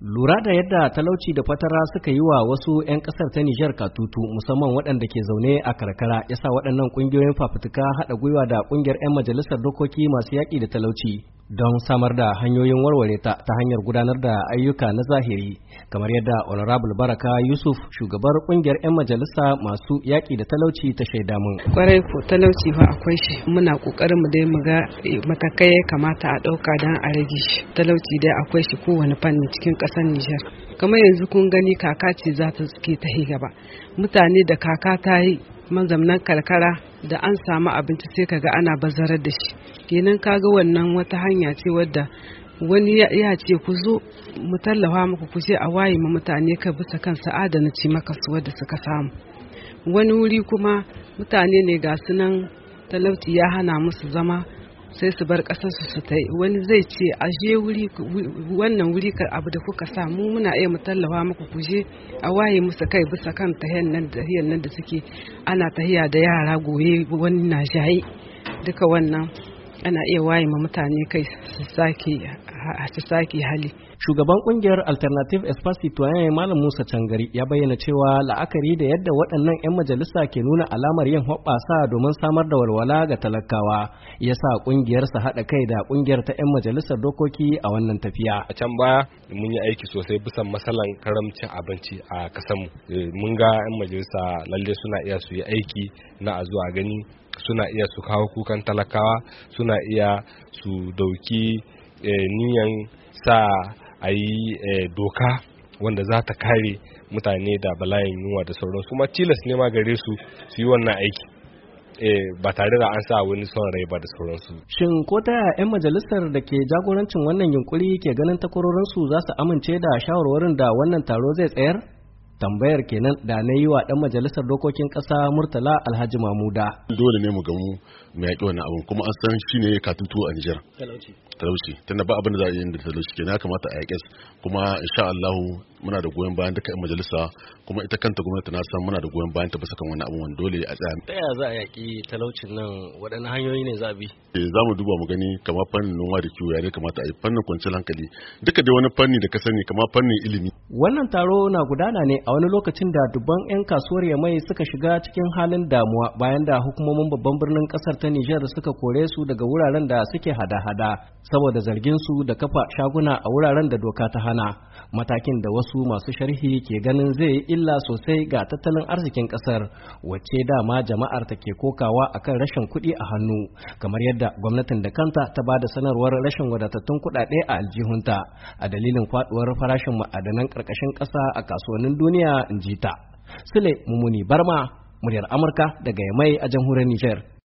lura da yadda talauci da fatara suka yi wa wasu 'yan kasar ta nijar katutu musamman waɗanda ke zaune a karkara ya sa waɗannan ƙungiyoyin fafutuka haɗa gwiwa da ƙungiyar 'yan majalisar dokoki masu yaƙi da talauci don samar da hanyoyin warware ta ta hanyar gudanar da ayyuka na zahiri kamar yadda honorable baraka yusuf shugabar kungiyar 'yan majalisa masu yaƙi da talauci ta shaida mun kwarai ko talauci ba akwai shi muna kokarin mu dai mu ga eh, matakai ya kamata a ɗauka don a rage shi talauci dai akwai shi kowane fanni cikin ƙasar nijar kamar yanzu kun gani kaka ce za ta suke ta gaba mutane da kaka ta yi mazamnan karkara da an samu abinci sai kaga ana bazarar da shi kenan kaga wannan wata hanya ce wadda wani ya ce ku zo mu tallafa muku ku je a waye ma mutane ka bisa kan sa'ada na maka su wadda suka samu wani wuri kuma mutane ne ga sunan nan talauci ya hana musu zama sai su bar ƙasarsu su ta wani zai ce a je wuri wannan wuri ka abu da kuka samu muna iya mu tallafa muku kuje a waye musu kai bisa kan tahiyar nan da nan da suke ana tahiya da yara goye wani na shayi duka wannan ana iya waye ma mutane kai su sake sake hali shugaban kungiyar alternative espace citoyen malam musa cangari ya bayyana cewa la'akari da yadda waɗannan 'yan majalisa ke nuna alamar yin hoɓɓasa domin samar da walwala ga talakawa ya sa kungiyarsa haɗa kai da kungiyar ta 'yan majalisar dokoki a wannan tafiya a can baya mun yi aiki sosai bisa masalan karamcin abinci a kasanmu eh, mun ga 'yan majalisa lalle suna iya su yi aiki na a zuwa gani suna iya su kawo kukan talakawa suna iya su dauki Eh, niyan sa a yi eh, doka wanda za ta kare mutane da bala'in yunwa da sauransu kuma tilas ne ma gare su su yi wannan aiki eh, ba tare da an sa wani son rai ba da sauransu. Shin ko ta yaya 'yan majalisar da ke jagorancin wannan yunkuri ke ganin takwarorinsu za su amince da shawarwarin da wannan taro zai tsayar? tambayar kenan da na yi wa dan majalisar dokokin kasa murtala alhaji mamuda dole ne mu gamu mu yaƙi wannan abin kuma an san shi ne katin tuwo a nijar talauci tunda ba abin da za a yi da talauci kenan ya kamata a yaƙi kuma insha muna da goyon bayan duka majalisa kuma ita kanta gwamnati na san muna da goyon bayan ta bisa kan wani abubuwan dole a tsaya ta yaya za a yaƙi talaucin nan waɗannan hanyoyi ne za a bi eh, za mu duba mu gani kamar fannin noma da kiwo ya ne kamata a yi fannin kwanciyar hankali duka da wani fanni da ka sani kamar fannin ilimi wannan taro na gudana ne a wani lokacin da dubban 'yan kasuwar ya mai suka shiga cikin halin damuwa bayan da hukumomin babban birnin kasar ta Nijar suka kore su daga wuraren da suke hada-hada saboda zargin su da kafa shaguna a wuraren da doka ta hana matakin da wasu masu sharhi ke ganin zai yi illa sosai ga tattalin arzikin kasar wacce dama jama'ar ta ke kokawa akan rashin kuɗi a hannu kamar yadda gwamnatin da kanta ta ba da sanarwar rashin wadatattun kuɗaɗe a aljihunta a dalilin faɗuwar farashin ma'adanan ƙarƙashin ƙasa a kasuwannin duniya in ji ta sule mumuni barma muryar amurka daga yamai a jamhuriyar niger